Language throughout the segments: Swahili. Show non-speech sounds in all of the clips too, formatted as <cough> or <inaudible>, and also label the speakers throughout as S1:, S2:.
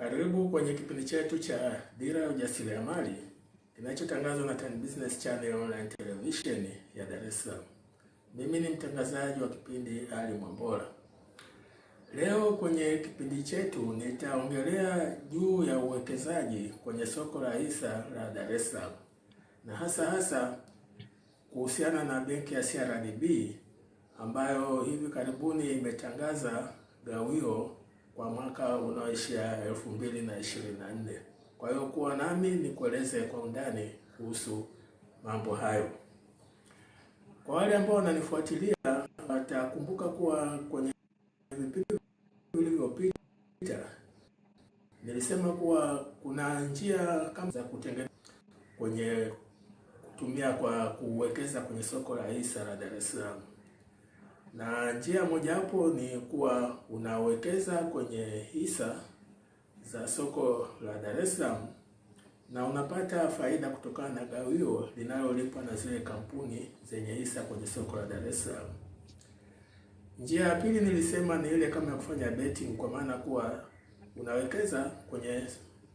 S1: Karibu kwenye kipindi chetu cha Dira ya Ujasiriamali kinachotangazwa na Tan Business Channel Online Television ya Dar es Salaam. Mimi ni mtangazaji wa kipindi Ali Mwambola. Leo kwenye kipindi chetu nitaongelea juu ya uwekezaji kwenye soko la hisa la Dar es Salaam na hasa hasa kuhusiana na benki ya CRDB ambayo hivi karibuni imetangaza gawio wa mwaka unaoishia elfu mbili na ishirini na nne. Kwa hiyo kuwa nami nikueleze kwa undani kuhusu mambo hayo. Kwa wale ambao wananifuatilia watakumbuka kuwa kwenye vipindi vilivyopita nilisema kuwa kuna njia kama za kutengeneza kwenye kutumia kwa kuwekeza kwenye soko la hisa la Dar es Salaam na njia moja hapo ni kuwa unawekeza kwenye hisa za soko la Dar es Salaam na unapata faida kutokana na gawio linalolipwa na zile kampuni zenye hisa kwenye soko la Dar es Salaam. Njia ya pili nilisema ni ile kama ya kufanya betting, kwa maana kuwa unawekeza kwenye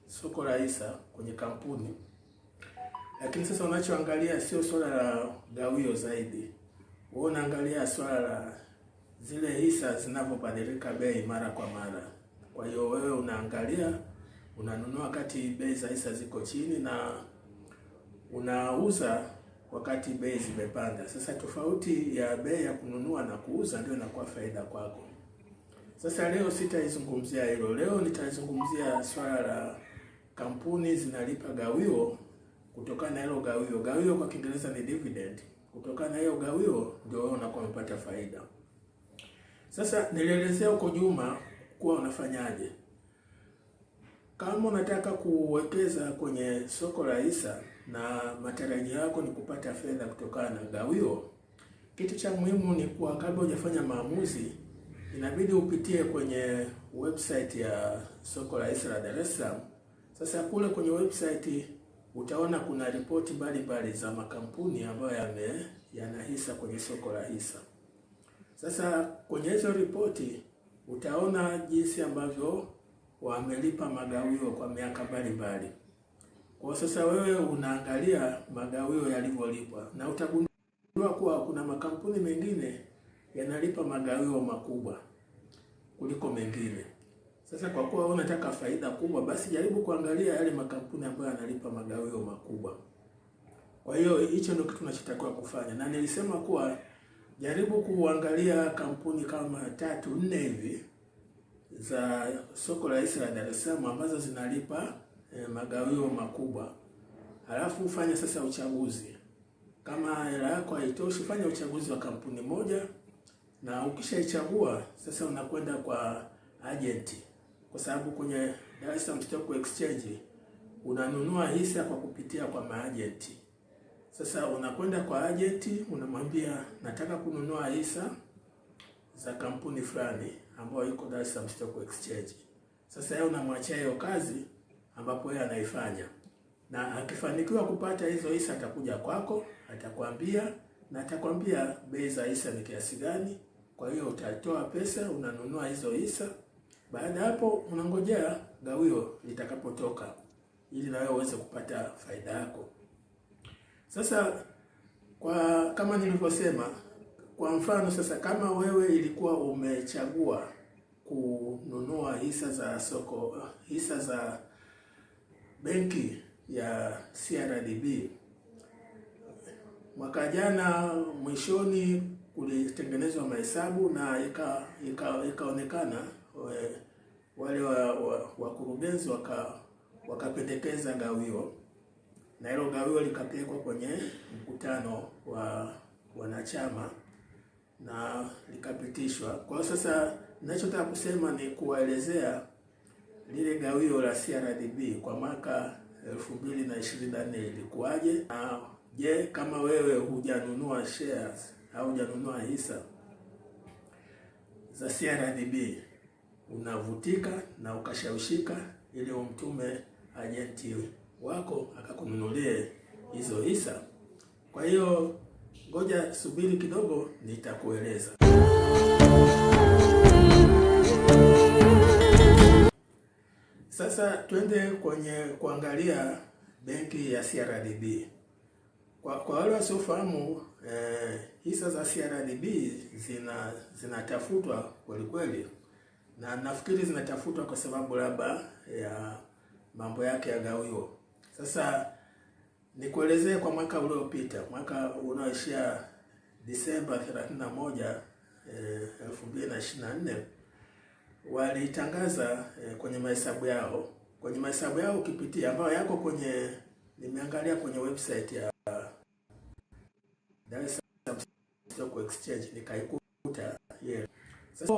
S1: soko la hisa kwenye kampuni, lakini sasa unachoangalia sio swala la gawio zaidi wewe unaangalia swala la zile hisa zinavyobadilika bei mara kwa mara. Kwa hiyo wewe unaangalia, unanunua wakati bei za hisa ziko chini na unauza wakati bei zimepanda. Sasa tofauti ya bei ya kununua na kuuza ndio inakuwa faida kwako. Sasa leo sitaizungumzia hilo. Leo nitazungumzia swala la kampuni zinalipa gawio kutokana na hilo gawio. Gawio kwa Kiingereza ni dividend kutokana na hiyo gawio ndio wewe unakuwa umepata faida. Sasa nilielezea huko Juma kuwa unafanyaje kama unataka kuwekeza kwenye soko la hisa na matarajio yako ni kupata fedha kutokana na gawio. Kitu cha muhimu ni kuwa kabla hujafanya maamuzi, inabidi upitie kwenye website ya soko la hisa la Dar es Salaam. Sasa kule kwenye website utaona kuna ripoti mbalimbali za makampuni ambayo yame yana hisa kwenye soko la hisa. Sasa kwenye hizo ripoti utaona jinsi ambavyo wamelipa magawio kwa miaka mbalimbali. Kwa sasa wewe unaangalia magawio yalivyolipwa na utagundua kuwa kuna makampuni mengine yanalipa magawio makubwa kuliko mengine. Sasa kwa kuwa wewe unataka faida kubwa, basi jaribu kuangalia yale makampuni ambayo yanalipa magawio makubwa. Kwa hiyo hicho ndio kitu unachotakiwa kufanya, na nilisema kuwa jaribu kuangalia kampuni kama tatu nne hivi za soko la hisa la Dar es Salaam ambazo zinalipa e, magawio makubwa, halafu ufanye sasa uchaguzi. Kama hela yako haitoshi, fanya uchaguzi wa kampuni moja, na ukishaichagua sasa unakwenda kwa ajenti kwa sababu kwenye Dar es Salaam Stock Exchange unanunua hisa kwa kupitia kwa maajenti. Sasa unakwenda kwa ajenti, unamwambia nataka kununua hisa za kampuni fulani ambayo iko Dar es Salaam Stock Exchange. Sasa yeye unamwachia hiyo kazi ambapo yeye anaifanya, na akifanikiwa kupata hizo hisa atakuja kwako, atakwambia na atakwambia bei za hisa ni kiasi gani. Kwa hiyo utatoa pesa, unanunua hizo hisa. Baada ya hapo, unangojea gawio litakapotoka ili na uweze kupata faida yako. Sasa kwa kama nilivyosema, kwa mfano sasa, kama wewe ilikuwa umechagua kununua hisa za soko hisa za benki ya CRDB mwaka jana mwishoni, kulitengenezwa mahesabu na ikaonekana ika, ika eh, wale wakurugenzi wa, wa wakapendekeza waka gawio na hilo gawio likapelekwa kwenye mkutano wa wanachama na likapitishwa. Kwa hiyo sasa, ninachotaka kusema ni kuwaelezea lile gawio la CRDB kwa mwaka 2024 ilikuwaje, na je, kama wewe hujanunua shares au hujanunua hisa za CRDB unavutika na ukashawishika, ili umtume ajenti wako akakununulie hizo hisa. Kwa hiyo ngoja subiri kidogo, nitakueleza. Sasa twende kwenye kuangalia benki ya CRDB. Kwa, kwa wale wasiofahamu eh, hisa za CRDB zina zinatafutwa kwelikweli kweli na nafikiri zinatafutwa kwa sababu labda ya mambo yake ya gawio. Sasa nikuelezee kwa mwaka uliopita, mwaka unaoishia Disemba 31 2024, eh, walitangaza eh, kwenye mahesabu yao kwenye mahesabu yao ukipitia, ambayo yako kwenye, nimeangalia kwenye website ya Dar es Salaam Stock Exchange nikaikuta yeah. Sasa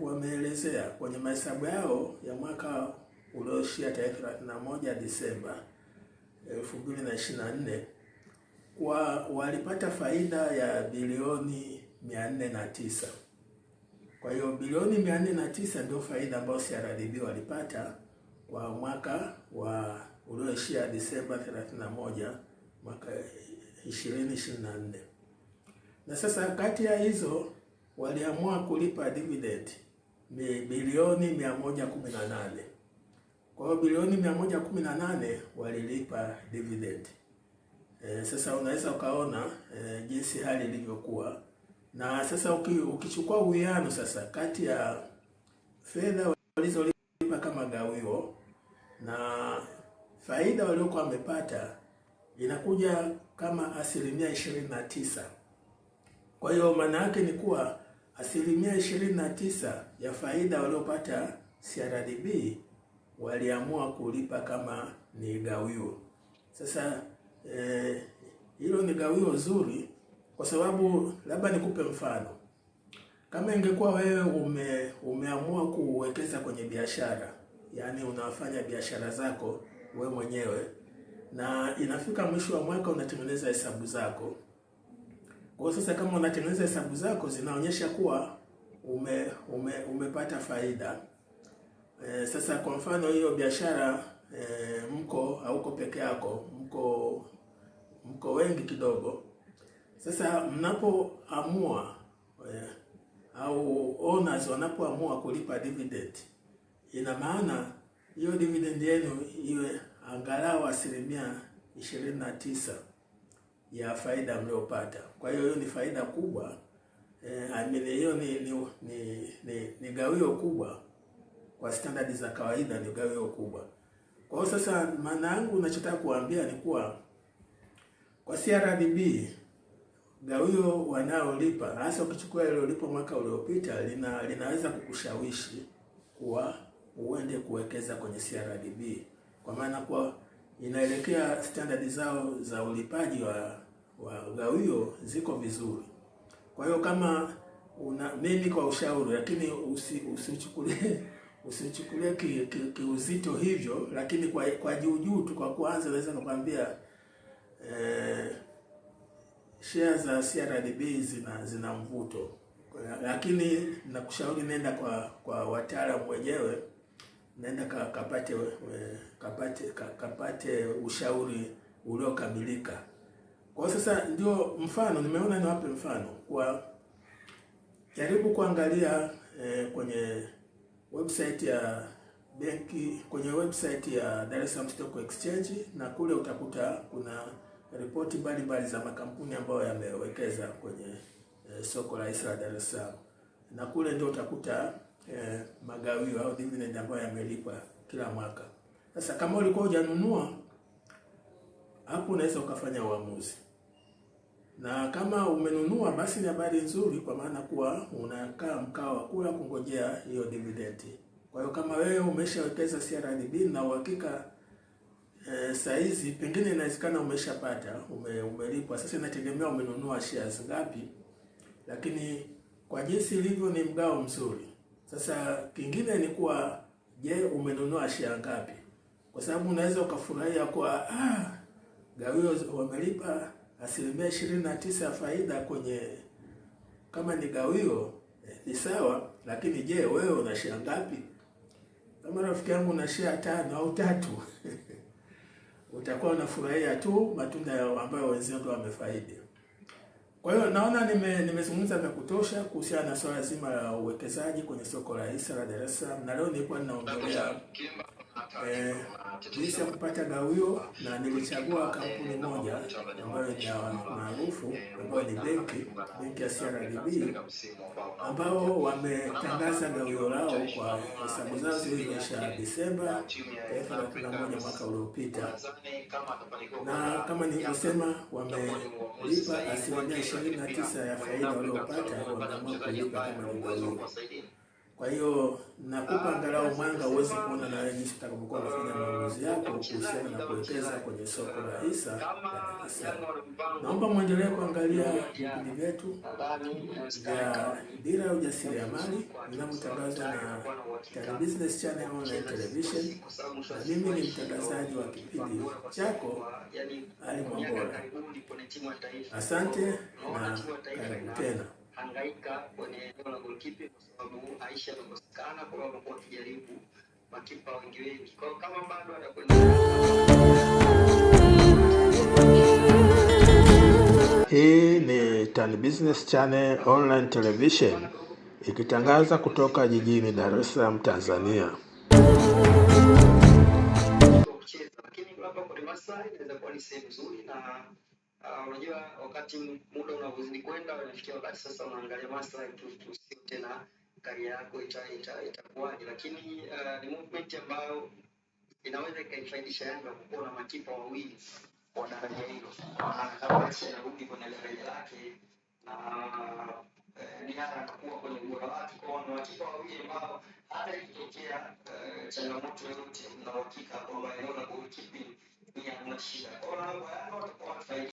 S1: wameelezea wame kwenye mahesabu yao ya mwaka ulioishia tarehe 31 Disemba 2024 kwa walipata faida ya bilioni 409. Kwa hiyo bilioni 409 ndio faida ambayo CRDB walipata kwa mwaka wa ulioishia Disemba 31 mwaka 2024. Na sasa kati ya hizo waliamua kulipa dividend bilioni 118. Kwa hiyo bilioni 118 walilipa dividend. E, sasa unaweza ukaona e, jinsi hali ilivyokuwa, na sasa uki, ukichukua uwiano sasa kati ya fedha walizolipa kama gawio na faida waliokuwa wamepata inakuja kama asilimia ishirini na tisa. Kwa hiyo maana yake ni kuwa Asilimia na tisa ya faida waliopata CRDB waliamua kulipa kama ni gawio. Sasa eh, hilo eh, ni gawio zuri, kwa sababu labda nikupe mfano. Kama ingekuwa wewe ume, umeamua kuwekeza kwenye biashara, yaani unafanya biashara zako we mwenyewe na inafika mwisho wa mwaka unatengeneza hesabu zako kwa sasa kama unatengeneza hesabu zako zinaonyesha kuwa ume, ume, umepata faida e. Sasa kwa mfano hiyo biashara e, mko hauko peke yako, mko mko wengi kidogo. Sasa mnapoamua e, au owners wanapoamua kulipa dividend, ina maana hiyo dividend yenu iwe angalau asilimia ishirini na tisa ya faida mliopata Kwa hiyo hiyo ni faida kubwa eh, hiyo ni ni, ni ni ni gawio kubwa kwa standardi za kawaida, ni gawio kubwa. Kwa hiyo sasa, maana yangu ninachotaka kuambia ni kuwa kwa CRDB gawio wanaolipa hasa ukichukua ulipo mwaka uliopita lina, linaweza kukushawishi kuwa uende kuwekeza kwenye CRDB kwa maana kuwa inaelekea standard zao za ulipaji wa wa gawio ziko vizuri. Kwa hiyo kama una mimi kwa ushauri, lakini usichukulie <laughs> usichukulie kiuzito ki, ki hivyo, lakini kwa kwa juu juu tu kwa kuanza, naweza nikwambia eh, share za CRDB zina zina mvuto, lakini nakushauri nenda kwa kwa wataalamu wenyewe naenda kapate kapate kapate ushauri uliokamilika. Kwa sasa ndio mfano nimeona ni mfano kwa jaribu kuangalia eh, kwenye website ya benki kwenye website ya Dar es Salaam Stock Exchange na kule utakuta kuna ripoti mbalimbali za makampuni ambayo yamewekeza kwenye eh, soko la hisa la Dar es Salaam na kule ndio utakuta Eh, magawio au dividend ambayo yamelipwa kila mwaka. Sasa kama ulikuwa hujanunua hapo, unaweza ukafanya uamuzi, na kama umenunua, basi ni habari nzuri, kwa maana kuwa unakaa mkao wa kula kungojea hiyo dividend. Kwa hiyo kama wewe umeshawekeza CRDB na uhakika E, saizi pengine inawezekana umeshapata ume, umelipwa. Sasa inategemea umenunua shares ngapi, lakini kwa jinsi ilivyo ni mgao mzuri. Sasa kingine ni kuwa, je, umenunua share ngapi? Kwa sababu unaweza ukafurahia kwa ah, gawio wamelipa asilimia ishirini na tisa ya faida kwenye kama ni gawio eh, ni sawa, lakini je, wewe una share ngapi? Kama rafiki yangu una share tano au tatu <laughs> utakuwa unafurahia tu matunda ambayo wenzio ndio wamefaidi. Kwa hiyo naona nime, nimezungumza vya kutosha kuhusiana na swala zima la uwekezaji kwenye soko la hisa la Dar es Salaam, na leo nilikuwa ninaongelea Eh, nilishapata na huyo na nilichagua kampuni moja ambayo ni maarufu ambayo ni benki benki ya CRDB ambao wametangaza gawio lao kwa hesabu zao zilizoisha Desemba tarehe thelathini na moja mwaka uliopita, na kama nilivyosema, wamelipa asilimia ishirini na tisa ya faida waliopata, wameamua kulipa kama ni gawio. Kwa hiyo nakupa ah, angalau mwanga uweze kuona na wewe jinsi utakavyokuwa ah, unafanya maamuzi yako kuhusiana na kuwekeza kwenye soko la hisa la Dar es Salaam. Naomba mwendelee kuangalia vipindi vyetu vya Dira ya Ujasiriamali vinavyotangazwa na Tan Business Channel Online Television, na mimi ni mtangazaji wa kipindi chako Ali Mwambola. Asante na karibu tena hangaika kwenye eneo la goalkeeping kwa sababu Aisha amekosekana, kwa sababu kwa kujaribu makipa wengi
S2: wengi kwa kama bado anakwenda Hii ni Tan Business Channel online television ikitangaza kutoka jijini Dar es Salaam, Tanzania. lakini labda kwa Masai inaweza kuwa ni sehemu nzuri na Uh, unajua wakati muda unavyozidi kwenda unafikia wakati sasa unaangalia maslahi tu, tu sio tena karia yako itakuwaje ita, ita, lakini uh, ni movement ambayo inaweza ikaifaidisha Yanga kwa kuwa na makipa wawili kwa daraja hilo, basi anarudi kwenye daraja lake na eh, ni hata atakuwa kwenye ubora wake, kwa ni makipa wawili ambao hata ikitokea eh, changamoto yoyote na uhakika kwamba eneo la golikipi ni hamna shida kwao, na Yanga watakuwa wakifaidika.